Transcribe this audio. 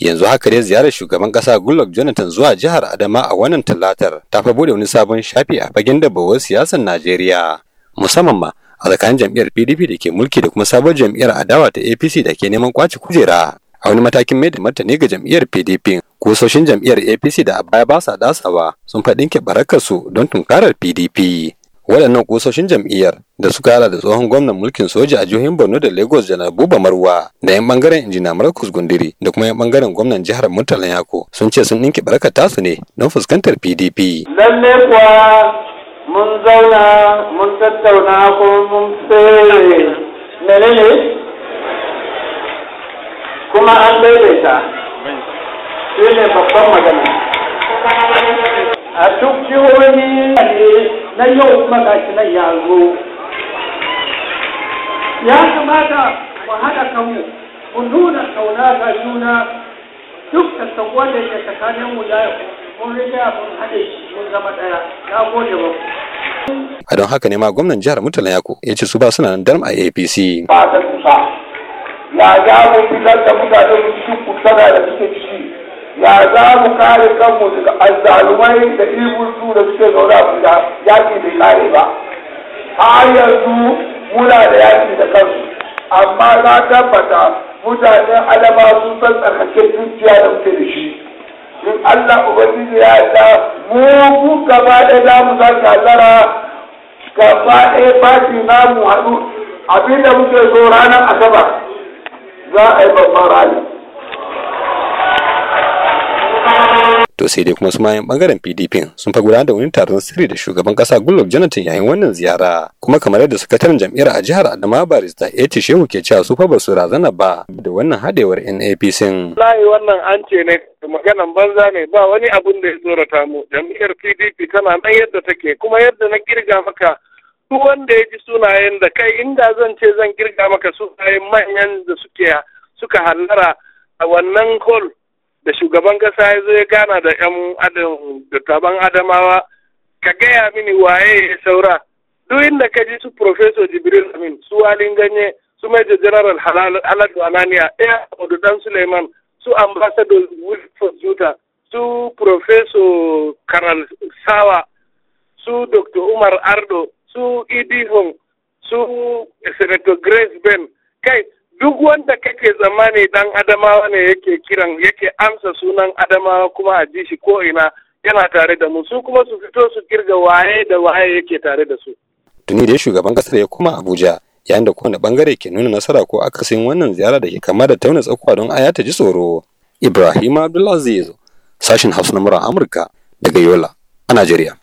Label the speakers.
Speaker 1: yanzu haka dai ziyarar shugaban kasa goodluck jonathan zuwa jihar adama a wannan talatar ta fa bude wani sabon shafi a fagen dabawar siyasar najeriya musamman ma a tsakanin jam'iyyar pdp da ke mulki da kuma sabon jam'iyyar adawa ta apc da ke neman kwace kujera a wani matakin mai da martani ga jam'iyyar pdp kusoshin jam'iyyar apc da a baya ba sa dasawa sun faɗin ke su don tunkarar pdp waɗannan ƙusoshin jam'iyyar da suka hala da tsohon gwamnan mulkin soja a jihohin borno da lagos da buba marwa da yan bangaren injina marcus gundiri da kuma yan bangaren gwamnan jihar murtala yako sun ce sun ɗinki barkar tasu ne don fuskantar pdp
Speaker 2: lalle kuwa mun zauna mun tattauna ko mun fere ne kuma an daidaita shi ne babban magana a duk jihohi na yau magashi nan ya zo ya kamata mu haɗa kanmu mu nuna kauna ga juna duk da sakon da ke tsakanin mu da mun ya mun haɗe shi mun zama ɗaya na gode ba
Speaker 1: a don haka ne ma gwamnan jihar murtala yako ya ce su ba suna nan darm a apc
Speaker 2: ba ta kusa ya ga mu fitar da mutane cikin kusa da suke ba za mu kare kanmu daga azzalumai da su da suke zaune a guda yaƙi bai kare ba a yanzu muna da yaƙi da kansu amma na tabbata mutane alama sun san tsarkake dukiya da muke da shi in Allah Ubangiji ya yarda mu mu gaba ɗaya za mu zaki hazara gaba ɗaya fati na mu haɗu abinda muke so ranar asabar za a yi babban rali
Speaker 1: to sai dai kuma su mayan bangaren pdp sun fa gudanar da wani taron sirri da shugaban kasa goodluck jonathan yayin wannan ziyara kuma kamar yadda sakataren jam'iyyar a jihar adama barista eti shehu ke cewa su fa ba su razana ba da wannan hadewar napc
Speaker 3: layi wannan an ce ne maganan banza ne ba wani abun da ya tsorata mu jam'iyyar pdp tana nan yadda take kuma yadda na kirga maka duk wanda ya ji sunayen da kai inda zan ce zan kirga maka sunayen manyan da suke suka hallara a wannan hall da shugaban kasa ya zo ya gana da yan adam taban adamawa ka gaya mini waye ya saura duk inda ka ji su professor jibril amin su walin ganye su major general haladu ananiya ɗaya eh, dan suleiman su ambassador wilford juta su professor karal sawa su dr umar ardo su idi hong su senator grace ben kai duk wanda kake zamani dan adamawa ne yake kiran yake amsa sunan adamawa kuma a ji shi ko ina yana tare da mu su kuma su fito su kirga waye da waye yake tare da su
Speaker 1: tuni da shugaban kasar ya kuma abuja yayin da kowane bangare ke nuna nasara ko akasin wannan ziyara da ke kama da tauna tsakuwa don aya ta ji tsoro ibrahim abdulaziz sashin hausa na amurka daga yola a najeriya